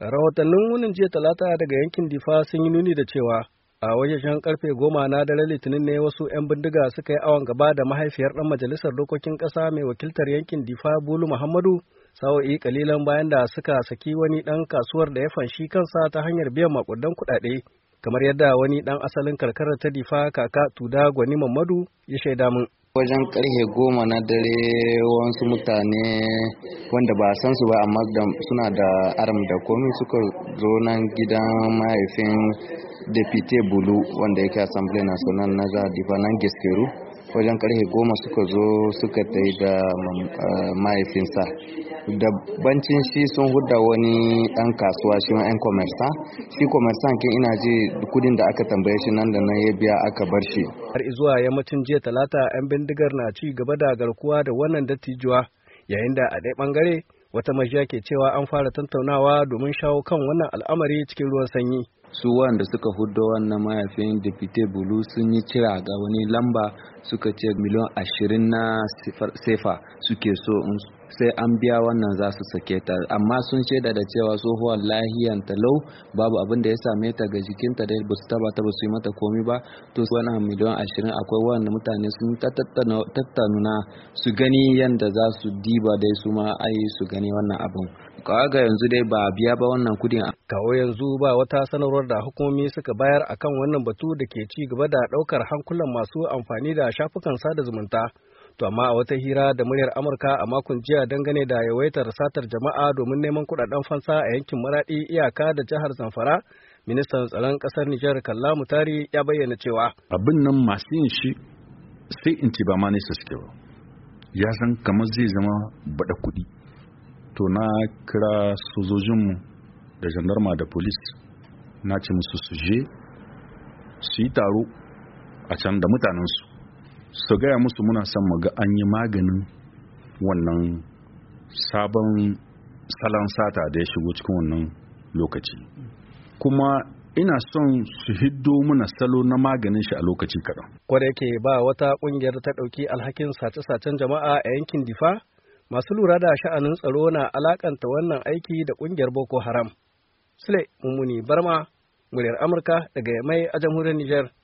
rahotannin wunin jiya talata daga yankin difa sun yi nuni da cewa a wajen karfe goma na daren litinin ne wasu 'yan bindiga suka yi awon gaba da mahaifiyar dan majalisar dokokin kasa mai wakiltar yankin difa bulu muhammadu sawa'i kalilan bayan da suka saki wani dan kasuwar da ya fanshi kansa ta hanyar biyan makudan kuɗaɗe kamar yadda wani dan asalin karkara ta difa kaka tuda gwani Muhammadu, ya shaida min wajen karfe goma na dare wasu mutane wanda ba san su ba amma suna da aram da komi suka zo nan gidan mahaifin deputy bulu wanda yake assembly national na jihar difa nan geskeru wajen karfe goma suka zo suka tai da eh, mahaifinsa da bancin shi sun hudda wani ɗan kasuwa shi yan komersa shi komersan kin ina ji kudin da aka tambaye shi nan da nan ya biya aka bar shi har zuwa yammacin jiya talata yan bindigar na ci gaba da garkuwa da wannan dattijuwa yayin da a ɗaya bangare wata majiya ke cewa an fara tattaunawa domin shawo kan wannan al'amari cikin ruwan sanyi su wanda suka hudo wannan mayafin dipite bulu sun yi kira ga wani lamba suka ce miliyan ashirin na sefa suke so sai an biya wannan za su sake ta amma sun shaida da cewa tsohuwar lahiyan talau babu abin da ya same ta ga jikinta da ba su taba ta ba su yi mata komi ba to wani miliyan ashirin akwai wanda mutane sun tattanuna su gani yadda za su diba dai su ma ai su gani wannan abin kaga yanzu dai ba biya ba wannan kudin kawo yanzu ba wata sanarwar da hukumomi suka bayar akan wannan batu da ke ci gaba da daukar hankulan masu amfani da shafukan sada zumunta To amma a wata hira da muryar Amurka a makon jiya dangane da yawaitar satar jama'a domin neman kudaden fansa a yankin Maradi iyaka da jihar Zamfara, ministan tsaron kasar Nijar Kalla Mutari ya bayyana cewa abin nan masu yin shi sai in ce ba ma ne suke ba. Ya san kamar zai zama bada kuɗi. To na kira sojojinmu da jandarma da polis na ce musu su je su yi taro a can da mutanensu su gaya musu muna son mu ga an yi maganin wannan sabon salon sata da ya shigo cikin wannan lokaci kuma ina son su hiddo muna salo na maganin shi a lokaci kaɗan. Kwada yake ba wata ƙungiyar ta ɗauki alhakin sace-sacen jama'a a yankin Difa, masu lura da sha'anin tsaro na alakanta wannan aiki da ƙungiyar Boko Haram. Sule Mummuni Barma, muryar Amurka daga Yamai a jamhuriyar Nijar.